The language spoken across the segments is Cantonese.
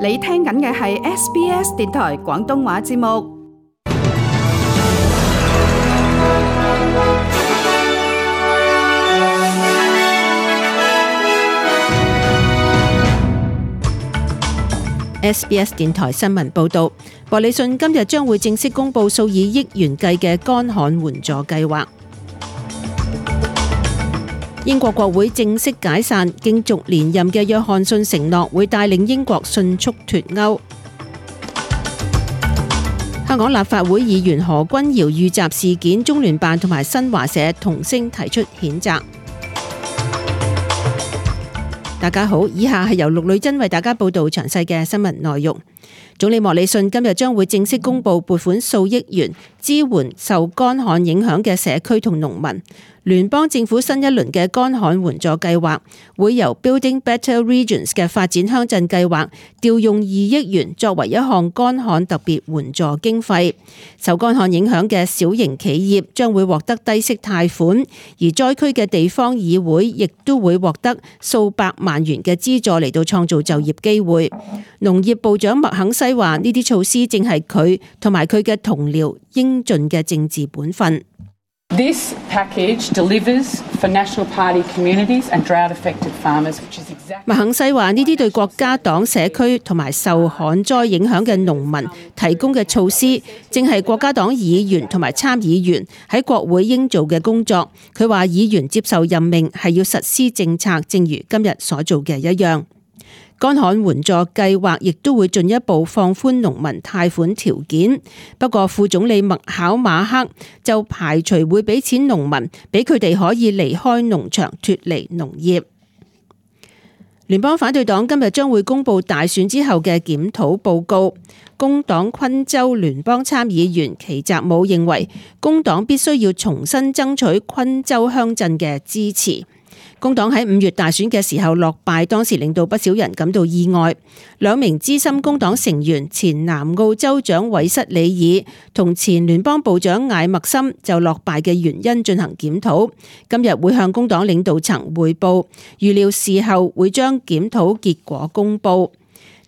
你聽緊嘅係 SBS 電台廣東話節目。SBS 電台新聞報道，博利信今日將會正式公布數以億元計嘅乾旱援助計劃。英國國會正式解散，競逐連任嘅約翰遜承諾會帶領英國迅速脫歐。香港立法會議員何君堯遇襲事件，中聯辦同埋新華社同聲提出譴責。大家好，以下係由陸女珍為大家報道詳細嘅新聞內容。總理莫里遜今日將會正式公布撥款數億元支援受乾旱影響嘅社區同農民。聯邦政府新一輪嘅乾旱援助計劃會由 Building Better Regions 嘅發展鄉鎮計劃調用二億元作為一項乾旱特別援助經費。受乾旱影響嘅小型企業將會獲得低息貸款，而災區嘅地方議會亦都會獲得數百萬元嘅資助嚟到創造就業機會。農業部長麥肯西話呢啲措施正係佢同埋佢嘅同僚應盡嘅政治本分。麥、exactly、肯西話呢啲對國家黨社區同埋受旱災影響嘅農民提供嘅措施，正係國家黨議員同埋參議員喺國會應做嘅工作。佢話議員接受任命係要實施政策，正如今日所做嘅一樣。乾旱援助計劃亦都會進一步放寬農民貸款條件，不過副總理麥考馬克就排除會俾錢農民，俾佢哋可以離開農場，脱離農業。聯邦反對黨今日將會公布大選之後嘅檢討報告。工黨昆州聯邦參議員奇澤武認為，工黨必須要重新爭取昆州鄉鎮嘅支持。工黨喺五月大選嘅時候落敗，當時令到不少人感到意外。兩名資深工黨成員，前南澳州長韋塞里爾同前聯邦部長艾默森就落敗嘅原因進行檢討，今日會向工黨領導層彙報，預料事後會將檢討結果公佈。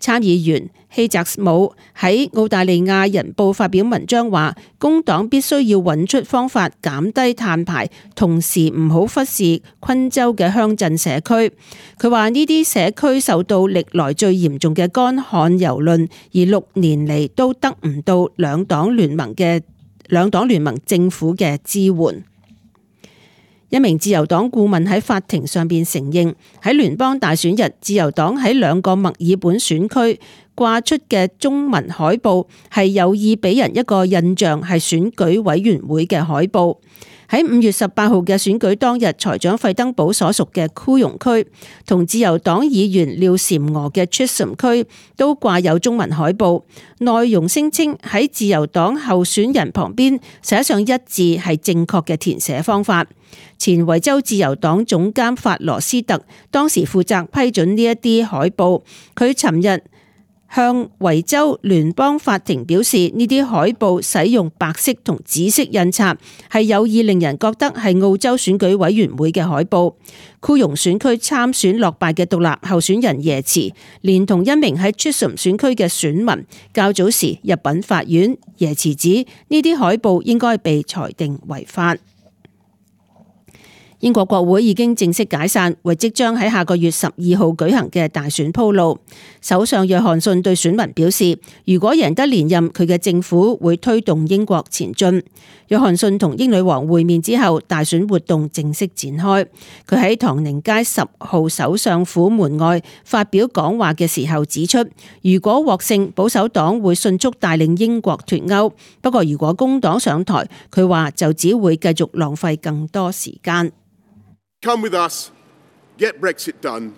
參議員希澤姆喺《澳大利亞人報》發表文章，話工黨必須要揾出方法減低碳排，同時唔好忽視昆州嘅鄉鎮社區。佢話呢啲社區受到歷來最嚴重嘅乾旱游論，而六年嚟都得唔到兩黨聯盟嘅兩黨聯盟政府嘅支援。一名自由黨顧問喺法庭上邊承認，喺聯邦大選日，自由黨喺兩個墨爾本選區掛出嘅中文海報，係有意俾人一個印象，係選舉委員會嘅海報。喺五月十八號嘅選舉當日，財長費登堡所屬嘅枯容區同自由黨議員廖嬋娥嘅 Chisholm 區都掛有中文海報，內容聲稱喺自由黨候選人旁邊寫上一字係正確嘅填寫方法。前維州自由黨總監法羅斯特當時負責批准呢一啲海報，佢尋日，向維州聯邦法庭表示，呢啲海報使用白色同紫色印刷，係有意令人覺得係澳洲選舉委員會嘅海報。庫容選區參選落敗嘅獨立候選人耶茨連同一名喺 Chisholm 選區嘅選民，較早時入稟法院。耶茨指呢啲海報應該被裁定違法。英國國會已經正式解散，為即將喺下個月十二號舉行嘅大選鋪路。首相約翰遜對選民表示，如果贏得連任，佢嘅政府會推動英國前進。約翰遜同英女王會面之後，大選活動正式展開。佢喺唐寧街十號首相府門外發表講話嘅時候指出，如果獲勝，保守黨會迅速帶領英國脫歐。不過，如果工黨上台，佢話就只會繼續浪費更多時間。Come with us, get Brexit done,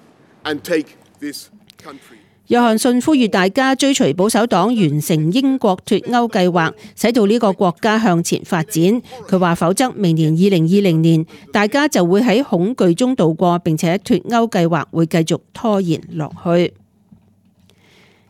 and take this country。約翰遜呼籲大家追隨保守黨完成英國脱歐計劃，使到呢個國家向前發展。佢話否則明年二零二零年，大家就會喺恐懼中度過，並且脱歐計劃會繼續拖延落去。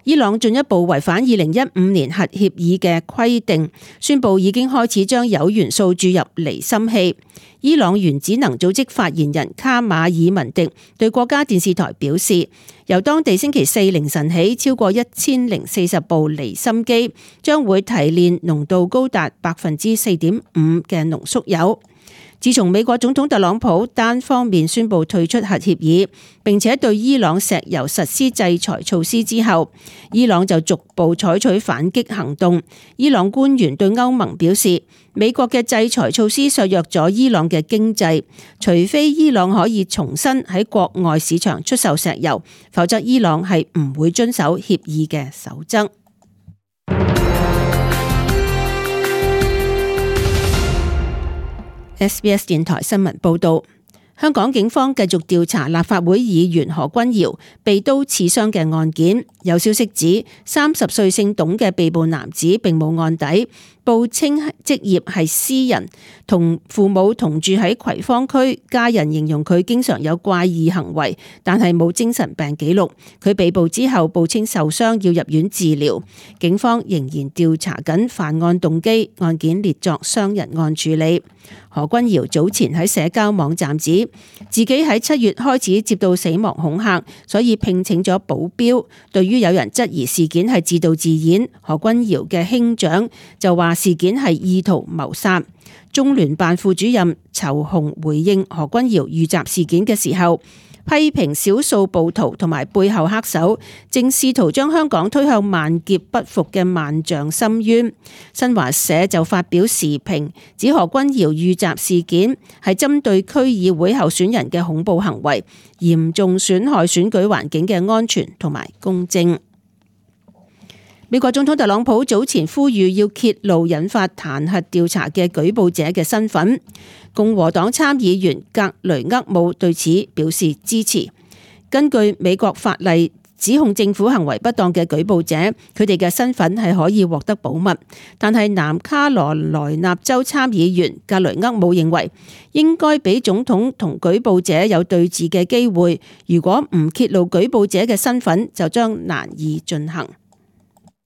伊朗進一步違反二零一五年核協議嘅規定，宣佈已經開始將鈾元素注入離心器。伊朗原子能組織發言人卡馬爾文迪對國家電視台表示，由當地星期四凌晨起，超過一千零四十部離心機將會提煉濃度高達百分之四點五嘅濃縮鈾。自從美國總統特朗普單方面宣布退出核協議，並且對伊朗石油實施制裁措施之後，伊朗就逐步採取反擊行動。伊朗官員對歐盟表示，美國嘅制裁措施削弱咗伊朗嘅經濟，除非伊朗可以重新喺國外市場出售石油，否則伊朗係唔會遵守協議嘅守則。SBS 電台新聞報道：香港警方繼續調查立法會議員何君堯被刀刺傷嘅案件。有消息指，三十歲姓董嘅被捕男子並冇案底。報稱職業係私人，同父母同住喺葵芳區。家人形容佢經常有怪異行為，但係冇精神病記錄。佢被捕之後，報稱受傷要入院治療。警方仍然調查緊犯案動機，案件列作傷人案處理。何君堯早前喺社交網站指自己喺七月開始接到死亡恐嚇，所以聘請咗保鏢。對於有人質疑事件係自導自演，何君堯嘅兄長就話：事件係意圖謀殺，中聯辦副主任仇鴻回應何君堯遇襲事件嘅時候，批評少數暴徒同埋背後黑手正試圖將香港推向萬劫不復嘅萬丈深淵。新華社就發表時評，指何君堯遇襲事件係針對區議會候選人嘅恐怖行為，嚴重損害選舉環境嘅安全同埋公正。美國總統特朗普早前呼籲要揭露引發彈劾調查嘅舉報者嘅身份。共和黨參議員格雷厄姆對此表示支持。根據美國法例，指控政府行為不當嘅舉報者，佢哋嘅身份係可以獲得保密。但係南卡羅來納州參議員格雷厄姆認為，應該俾總統同舉報者有對峙嘅機會。如果唔揭露舉報者嘅身份，就將難以進行。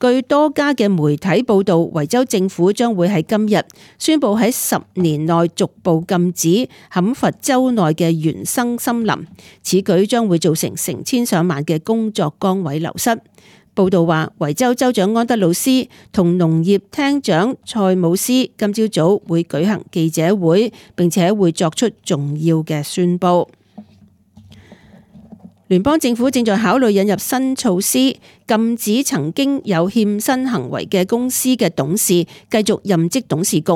據多家嘅媒體報道，維州政府將會喺今日宣布喺十年內逐步禁止砍伐州內嘅原生森林。此舉將會造成成千上萬嘅工作崗位流失。報道話，維州州長安德魯斯同農業廳長賽姆斯今朝早會舉行記者會，並且會作出重要嘅宣布。聯邦政府正在考慮引入新措施，禁止曾經有欠薪行為嘅公司嘅董事繼續任職董事局。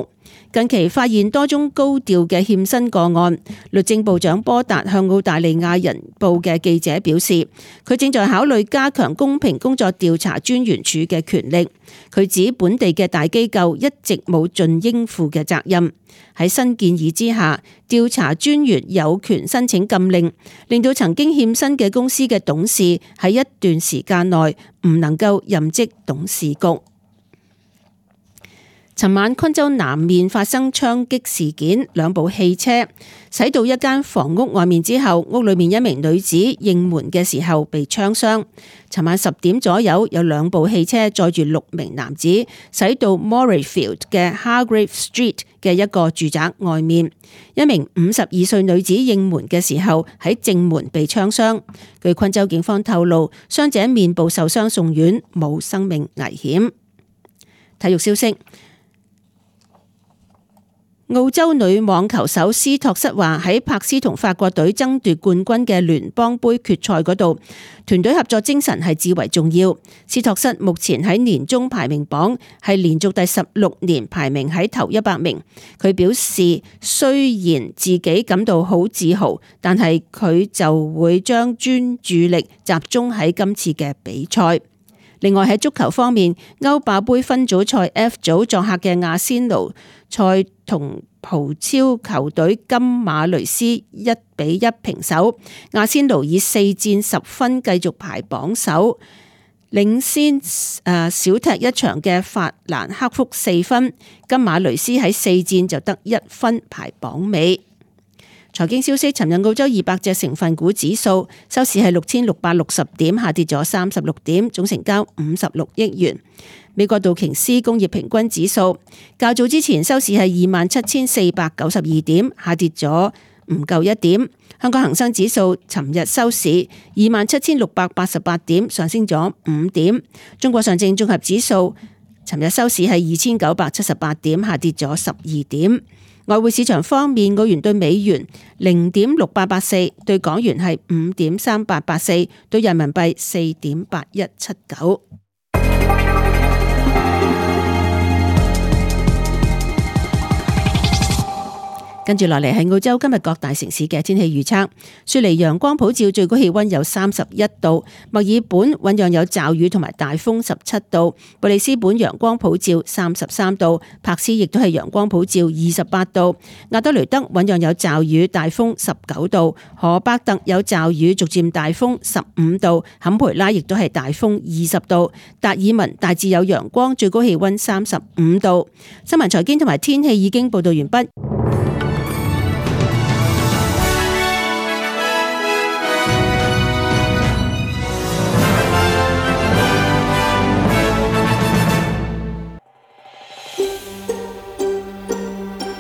近期發現多宗高調嘅欠薪個案，律政部長波達向澳大利亞人報嘅記者表示，佢正在考慮加強公平工作調查專員署嘅權力。佢指本地嘅大機構一直冇盡應付嘅責任。喺新建議之下，調查專員有權申請禁令，令到曾經欠薪嘅公司嘅董事喺一段時間內唔能夠任職董事局。尋晚昆州南面發生槍擊事件，兩部汽車駛到一間房屋外面之後，屋裏面一名女子應門嘅時候被槍傷。尋晚十點左右，有兩部汽車載住六名男子駛到 Morayfield 嘅 Hargreave Street 嘅一個住宅外面，一名五十二歲女子應門嘅時候喺正門被槍傷。據昆州警方透露，傷者面部受傷送院，冇生命危險。體育消息。澳洲女網球手斯托瑟話：喺柏斯同法國隊爭奪冠軍嘅聯邦杯決賽嗰度，團隊合作精神係至為重要。斯托瑟目前喺年終排名榜係連續第十六年排名喺頭一百名。佢表示，雖然自己感到好自豪，但係佢就會將專注力集中喺今次嘅比賽。另外喺足球方面，歐霸杯分組賽 F 組作客嘅亞仙奴賽。同葡超球隊金馬雷斯一比一平手，阿仙奴以四戰十分繼續排榜首，領先誒少踢一場嘅法蘭克福四分，金馬雷斯喺四戰就得一分排榜尾。財經消息：尋日澳洲二百隻成分股指數收市係六千六百六十點，下跌咗三十六點，總成交五十六億元。美國道瓊斯工業平均指數較早之前收市係二萬七千四百九十二點，下跌咗唔夠一點。香港恒生指數尋日收市二萬七千六百八十八點，上升咗五點。中國上證綜合指數尋日收市係二千九百七十八點，下跌咗十二點。外匯市場方面，澳元兌美元零點六八八四，對港元係五點三八八四，對人民幣四點八一七九。跟住落嚟係澳洲今日各大城市嘅天氣預測。雪梨陽光普照，最高氣溫有三十一度；墨爾本醞釀有驟雨同埋大風，十七度；布里斯本陽光普照，三十三度；柏斯亦都係陽光普照，二十八度；亞德雷德醞釀有驟雨大風，十九度；荷伯特有驟雨逐漸大風，十五度；坎培拉亦都係大風二十度；達爾文大致有陽光，最高氣溫三十五度。新聞、財經同埋天氣已經報道完畢。